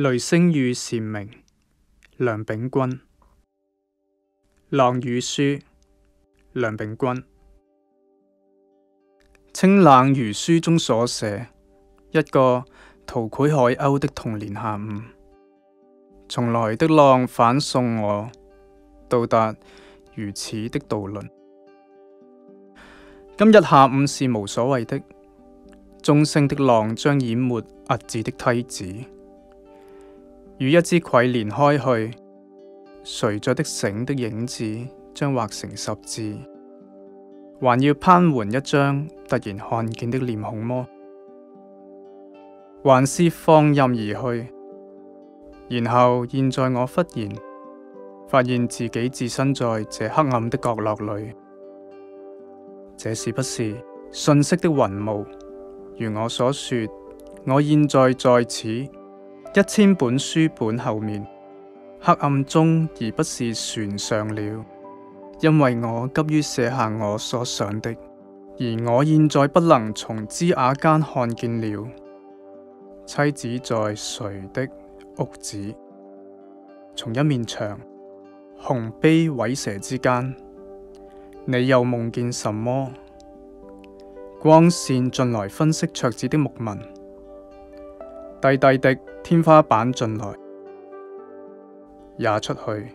雷聲與蟬鳴，梁秉鈞。浪與書，梁秉鈞。清冷如書中所寫，一個塗繪海鷗的童年下午，從來的浪反送我到達如此的渡輪。今日下午是無所謂的，中星的浪將淹沒壓子的梯子。與一支桂蓮開去，垂着的繩的影子將畫成十字，還要攀援一張突然看見的臉孔麼？還是放任而去？然後現在我忽然發現自己置身在這黑暗的角落裏，這是不是信息的雲霧？如我所說，我現在在此。一千本書本後面，黑暗中而不是船上了，因為我急於寫下我所想的，而我現在不能從枝椏間看見了。妻子在誰的屋子？從一面牆，紅碑委蛇之間，你又夢見什麼？光線進來分析桌子的木紋。低低的天花板進來，也出去，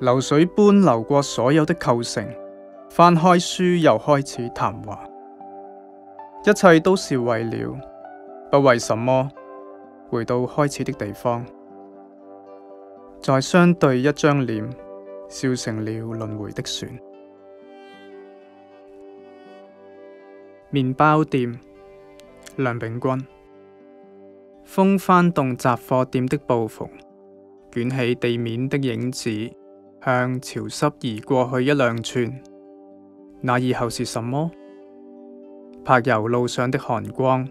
流水般流過所有的構成。翻開書又開始談話，一切都是為了不為什麼，回到開始的地方，再相對一張臉，笑成了輪回的船。麵包店，梁秉鈞。風翻動雜貨店的布縫，捲起地面的影子，向潮濕移過去一兩寸。那以後是什麼？柏油路上的寒光，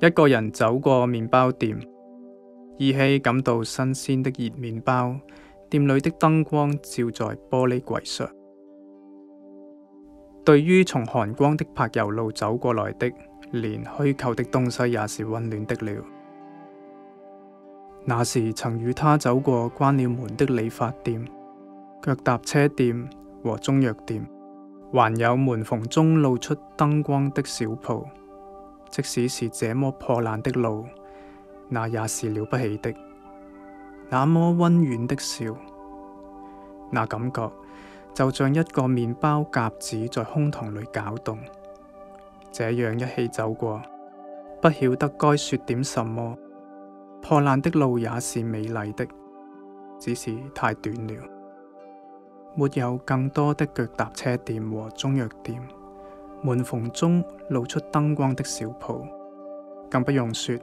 一個人走過麵包店，依稀感到新鮮的熱麵包，店裏的燈光照在玻璃櫃上。對於從寒光的柏油路走過來的。連虛構的東西也是溫暖的了。那時曾與他走過關了門的理髮店、腳踏車店和中藥店，還有門縫中露出燈光的小鋪。即使是這麼破爛的路，那也是了不起的。那麼溫暖的笑，那感覺就像一個麵包夾子在胸膛裏攪動。這樣一起走過，不曉得該說點什麼。破爛的路也是美麗的，只是太短了。沒有更多的腳踏車店和中藥店，門縫中露出燈光的小鋪，更不用說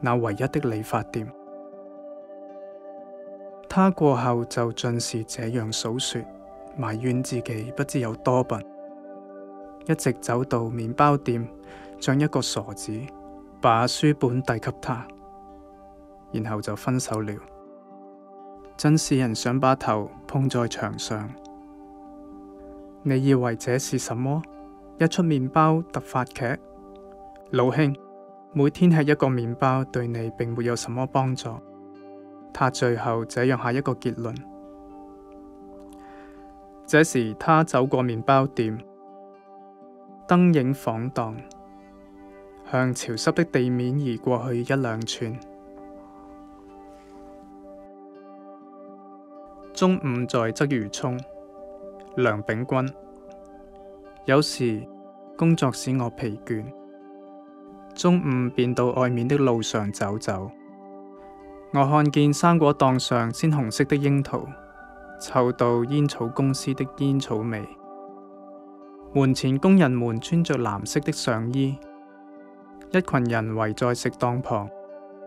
那唯一的理髮店。他過後就盡是這樣數說，埋怨自己不知有多笨。一直走到麵包店，像一個傻子，把書本遞給他，然後就分手了。真使人想把頭碰在牆上。你以為這是什麼？一出麵包突發劇。老兄，每天吃一個麵包對你並沒有什麼幫助。他最後這樣下一個結論。這時他走過麵包店。燈影晃盪，向潮濕的地面移過去一兩寸。中午在鰂魚涌，梁秉鈞。有時工作使我疲倦，中午便到外面的路上走走。我看見生果檔上鮮紅色的櫻桃，嗅到煙草公司的煙草味。門前工人們穿着藍色的上衣，一群人圍在食檔旁。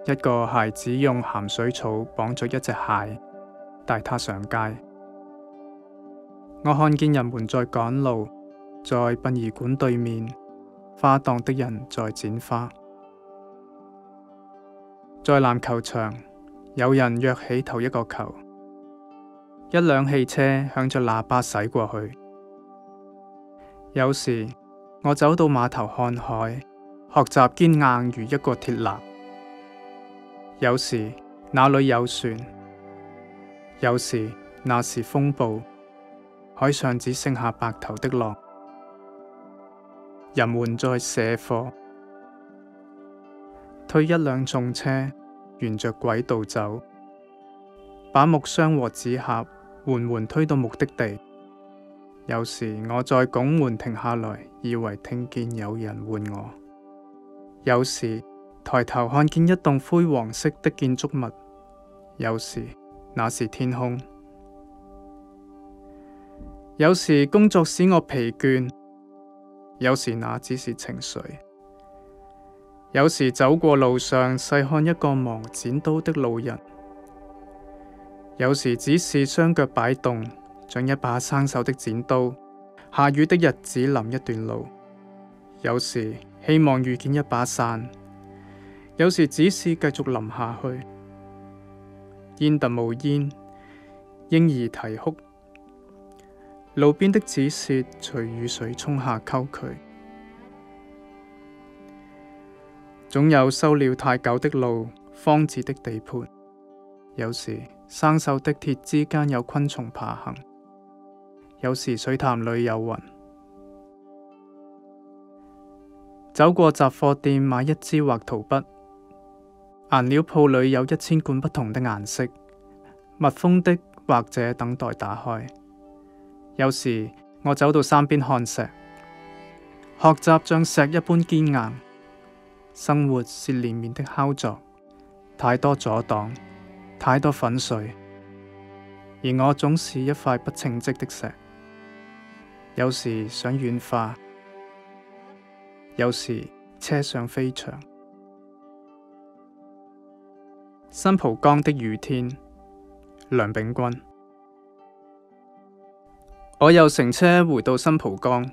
一個孩子用鹹水草綁着一隻鞋，帶他上街。我看見人們在趕路，在殯儀館對面，花檔的人在剪花。在籃球場，有人躍起投一個球。一輛汽車響着喇叭駛過去。有時我走到碼頭看海，學習堅硬如一個鐵立。有時那裡有船，有時那是風暴，海上只剩下白頭的浪。人們在卸貨，推一輛重車沿着軌道走，把木箱和紙盒緩緩推到目的地。有時我在拱門停下來，以為聽見有人喚我；有時抬頭看見一棟灰黃色的建築物；有時那是天空；有時工作使我疲倦；有時那只是情緒；有時走過路上細看一個忙剪刀的路人；有時只是雙腳擺動。像一把生鏽的剪刀，下雨的日子淋一段路。有時希望遇見一把傘，有時只是繼續淋下去。煙突冒煙，嬰兒啼哭，路邊的紙屑隨雨水沖下溝渠。總有修了太久的路，荒置的地盤。有時生鏽的鐵之間有昆蟲爬行。有時水潭裏有雲，走過雜貨店買一支畫圖筆。顏料鋪裏有一千罐不同的顏色，密封的或者等待打開。有時我走到山邊看石，學習像石一般堅硬。生活是連綿的敲鑿，太多阻擋，太多粉碎，而我總是一塊不稱職的石。.有時想軟化，有時車上飛翔。新蒲崗的雨天，梁秉鈞，我又乘車回到新蒲崗，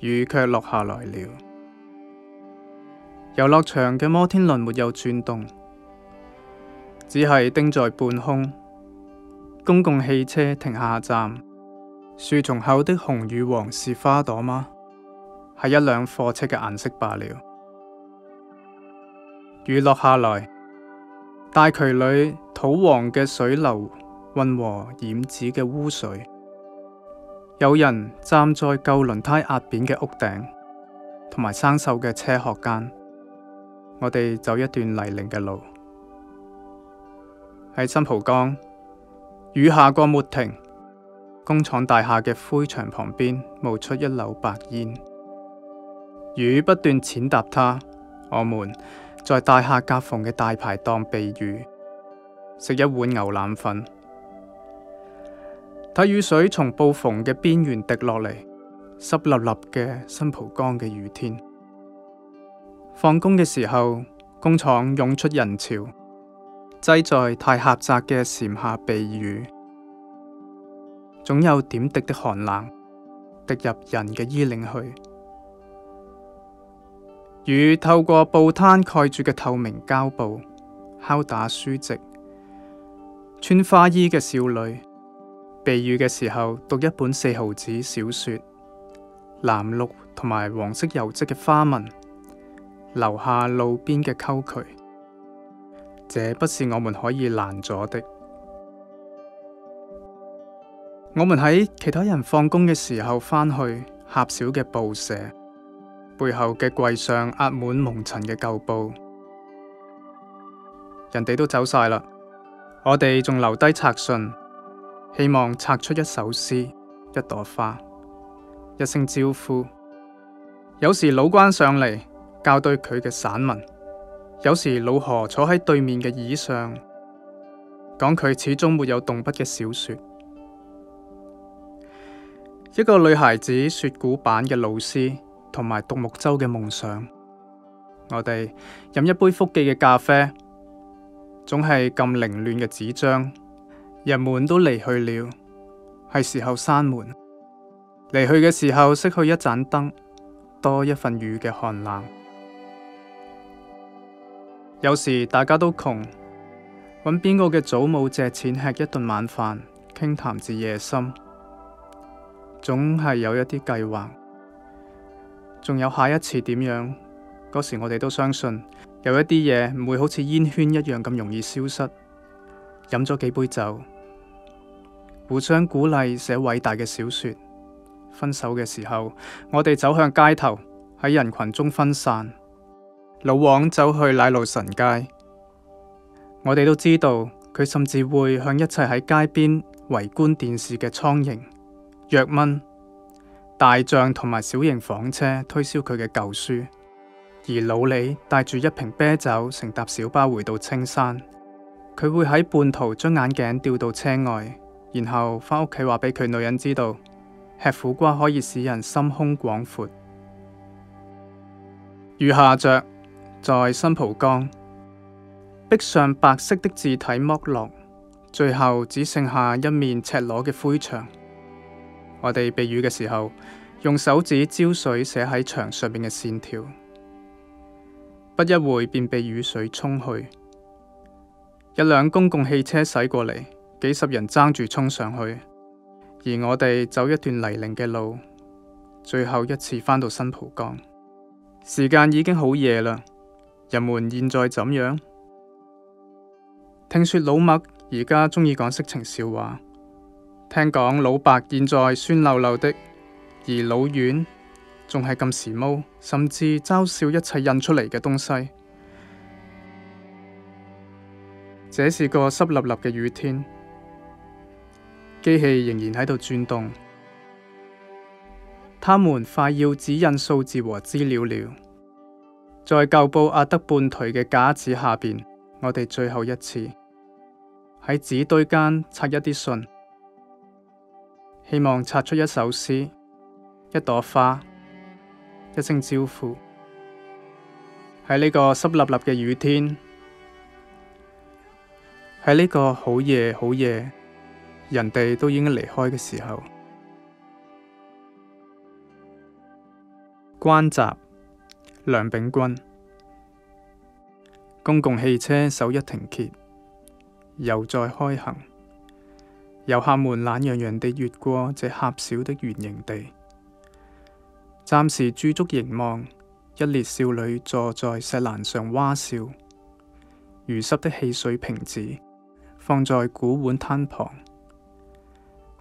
雨卻落下來了。遊樂場嘅摩天輪沒有轉動，只係釘在半空。公共汽車停下站。樹叢後的紅與黃是花朵嗎？係一輛貨車嘅顏色罷了。雨落下來，大渠裏土黃嘅水流混和染指嘅污水。有人站在舊輪胎壓扁嘅屋頂，同埋生鏽嘅車殼間。我哋走一段泥濘嘅路，喺新蒲崗，雨下個沒停。工廠大廈嘅灰牆旁邊冒出一縷白煙，雨不斷踐踏他。我們在大廈夾縫嘅大排檔避雨，食一碗牛腩粉。睇雨水從布縫嘅邊緣滴落嚟，濕立立嘅新蒲崗嘅雨天。放工嘅時候，工廠湧出人潮，擠在太狹窄嘅檐下避雨。總有點滴的寒冷，滴入人嘅衣領去。雨透過報攤蓋住嘅透明膠布，敲打書籍。穿花衣嘅少女避雨嘅時候，讀一本四毫子小說。藍綠同埋黃色油漬嘅花紋，留下路邊嘅溝渠。這不是我們可以攔阻的。我們喺其他人放工嘅時候翻去狹小嘅報社，背後嘅櫃上壓滿蒙塵嘅舊報，人哋都走晒啦，我哋仲留低拆信，希望拆出一首詩、一朵花、一聲招呼。有時老關上嚟校對佢嘅散文，有時老何坐喺對面嘅椅上，講佢始終沒有動筆嘅小說。一個女孩子說古板嘅老師同埋獨木舟嘅夢想。我哋飲一杯福記嘅咖啡，總係咁凌亂嘅紙張。人們都離去了，係時候閂門。離去嘅時候，熄去一盞燈，多一份雨嘅寒冷。有時大家都窮，揾邊個嘅祖母借錢吃一頓晚飯，傾談至夜深。總係有一啲計劃，仲有下一次點樣？嗰時，我哋都相信有一啲嘢唔會好似煙圈一樣咁容易消失。飲咗幾杯酒，互相鼓勵寫偉大嘅小說。分手嘅時候，我哋走向街頭，喺人群中分散。老王走去奶路臣街，我哋都知道佢甚至會向一切喺街邊圍觀電視嘅蒼蠅。約蚊大象同埋小型房車推銷佢嘅舊書，而老李帶住一瓶啤酒乘搭小巴回到青山。佢會喺半途將眼鏡掉到車外，然後返屋企話俾佢女人知道，吃苦瓜可以使人心胸廣闊。如下着在新蒲崗，壁上白色的字體剝落，最後只剩下一面赤裸嘅灰牆。我哋避雨嘅時候，用手指澆水寫喺牆上面嘅線條，不一會便被雨水沖去。一輛公共汽車駛過嚟，幾十人爭住衝上去，而我哋走一段泥濘嘅路，最後一次返到新浦江新蒲崗。時間已經好夜啦，人們現在怎樣？聽說老麥而家鍾意講色情笑話。聽講老白現在酸溜溜的，而老遠仲係咁時髦，甚至嘲笑一切印出嚟嘅東西。這是個濕立立嘅雨天，機器仍然喺度轉動，他們快要指印數字和資料了。在舊報壓得半頹嘅架子下邊，我哋最後一次喺紙堆間拆一啲信。希望拆出一首詩，一朵花，一聲招呼。喺呢個濕立立嘅雨天，喺呢個好夜好夜，人哋都已經離開嘅時候。關閘，梁秉鈞。公共汽車手一停歇，又再開行。遊客們懶洋洋地越過這狹小的圓形地，暫時駐足凝望。一列少女坐在石欄上蛙笑，魚濕的汽水瓶子放在古玩攤旁。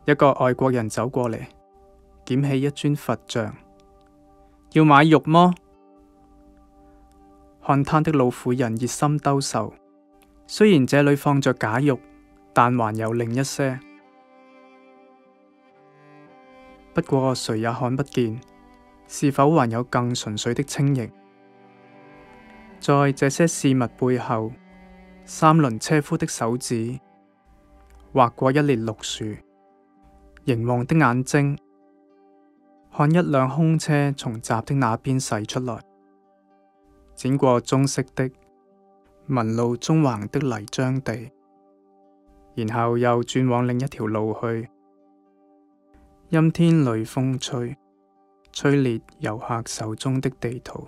一個外國人走過嚟，撿起一尊佛像，要買肉麼？看攤的老婦人熱心兜售，雖然這裡放着假肉，但還有另一些。不過，誰也看不見是否還有更純粹的清盈。在這些事物背後，三輪車夫的手指劃過一列綠樹，凝望的眼睛看一輛空車從閘的那邊駛出來，輾過棕色的紋路中橫的泥漿地，然後又轉往另一條路去。陰天，雷風吹，吹裂遊客手中的地圖。